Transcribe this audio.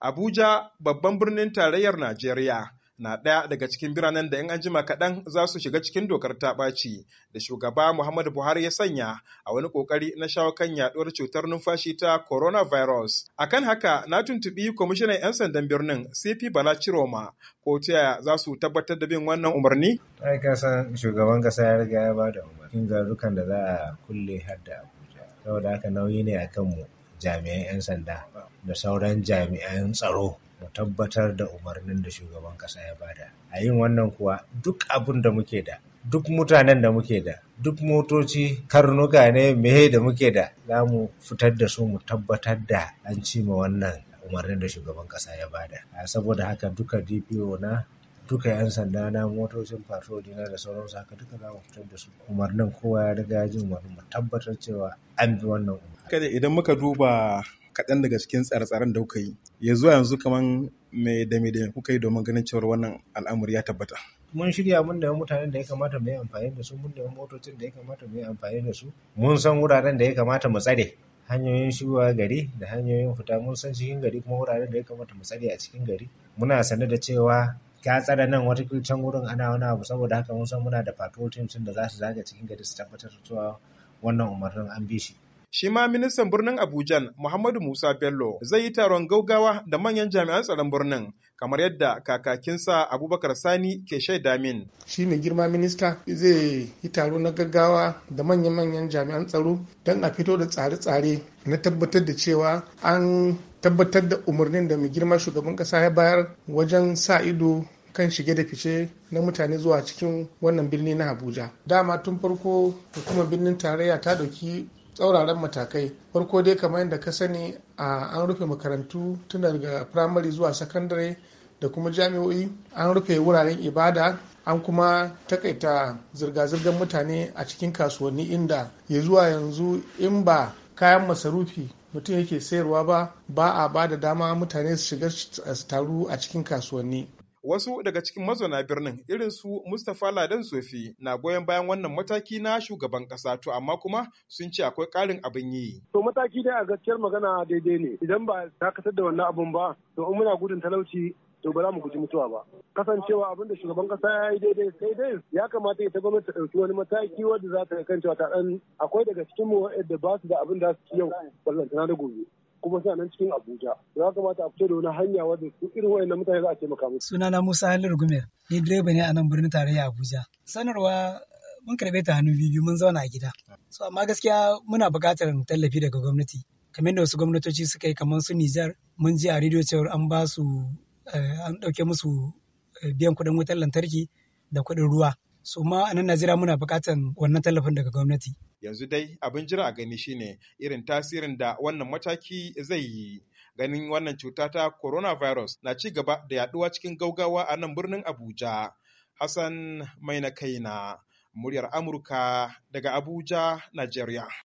Abuja babban birnin tarayyar Najeriya na ɗaya daga cikin biranen da 'yan anjima kaɗan za su shiga cikin dokar ta ɓaci da shugaba Muhammadu Buhari ya sanya a wani ƙoƙari na shawo kan yaɗuwar cutar numfashi ta coronavirus. A kan haka na tuntuɓi kwamishinan 'yan sandan birnin CP Bala Chiroma ko ta za su tabbatar da bin wannan umarni? Ai ka san shugaban ƙasa ya riga ya ba da umarnin garurukan da za a kulle har da Abuja. Saboda haka nauyi ne a kanmu jami'an 'yan sanda da sauran jami'an tsaro mu tabbatar da umarnin da shugaban ƙasa ya bada a yin wannan kuwa duk abin da muke da duk mutanen da muke da duk motoci karnuka ne mehe da muke da za mu fitar da su mu tabbatar da an cima wannan umarnin da shugaban ƙasa ya bada saboda haka duka dpo na duka yan sanda na motocin patrol dina da sauransu haka duka za mu fitar da su umarnin kowa ya riga ya ji umarnin mu tabbatar cewa an bi wannan umarnin. kada idan muka duba kaɗan daga cikin tsare-tsaren da kuka yi ya yanzu kaman me da me da kuka yi domin ganin cewar wannan al'amari ya tabbata. mun shirya mun da mutanen da ya kamata mu yi amfani da su mun da motocin da ya kamata mu yi amfani da su mun san wuraren da ya kamata mu tsare hanyoyin shigowa gari da hanyoyin fita mun san cikin gari kuma wuraren da ya kamata mu tsare a cikin gari muna sane da cewa ka tsare nan wata can wurin ana wani abu saboda haka mun san muna da patrol team da za su zaga cikin gari su tabbatar da cewa wannan umarnin an bi shi. Shi ma ministan birnin Abuja Muhammadu Musa Bello zai yi taron gaugawa da manyan jami'an tsaron birnin kamar yadda kakakinsa abubakar sani ke shaida min shi mai girma minista zai yi taro na gaggawa da manya-manyan jami'an tsaro don a fito da tsare-tsare na tabbatar da cewa an tabbatar da umarnin da mai girma shugaban kasa ya bayar wajen sa ido kan shige da fice na mutane zuwa cikin wannan birni na abuja dama tun farko hukumar birnin tarayya ta dauki tsauraran matakai farko dai kamar yadda ka sani a an rufe makarantu tun daga firamare zuwa sakandare da kuma jami'o'i an rufe wuraren ibada an kuma takaita zirga-zirgar mutane a cikin kasuwanni inda ya zuwa yanzu in ba kayan masarufi mutum yake sayarwa ba ba a ba da dama mutane su shiga su taru a cikin kasuwanni Wasu daga cikin mazauna birnin irin su Mustapha Ladan Sofi na goyon bayan wannan mataki na shugaban kasa to amma kuma sun ce akwai ƙarin abin yi. To mataki dai a gaskiyar magana daidai ne idan ba dakatar da wannan abun ba to in muna gudun talauci to ba za mu guji mutuwa ba kasancewa abin da shugaban kasa ya yi daidai sai dai ya kamata ita gwamnati ta ɗauki wani mataki wanda za ta kan cewa ta ɗan akwai daga cikin mu da ba su da abin da su yau ballantana da gobe kuma sai nan cikin Abuja. Ya kamata a fito da wani hanya wadda su irin wayannan mutane za a taimaka musu. Sunana Musa Halil Gumer, ni direba ne a nan birnin tarayya Abuja. Sanarwa mun karbe ta hannu biyu mun zauna a gida. So amma gaskiya muna buƙatar tallafi daga gwamnati. Kamar da wasu gwamnatoci suka yi kamar su Nijar, mun ji a rediyo cewar an ba su eh, an ɗauke musu eh, biyan kuɗin wutar lantarki da kuɗin ruwa. So ma a nan Najeriya muna buƙatar wannan tallafin daga gwamnati. Yanzu dai abin jira a gani shine irin tasirin da wannan mataki zai yi. Ganin wannan cuta ta coronavirus na ci gaba da yaduwa cikin gaugawa a nan birnin Abuja. Hassan mai na kaina, muryar Amurka daga Abuja, Najeriya.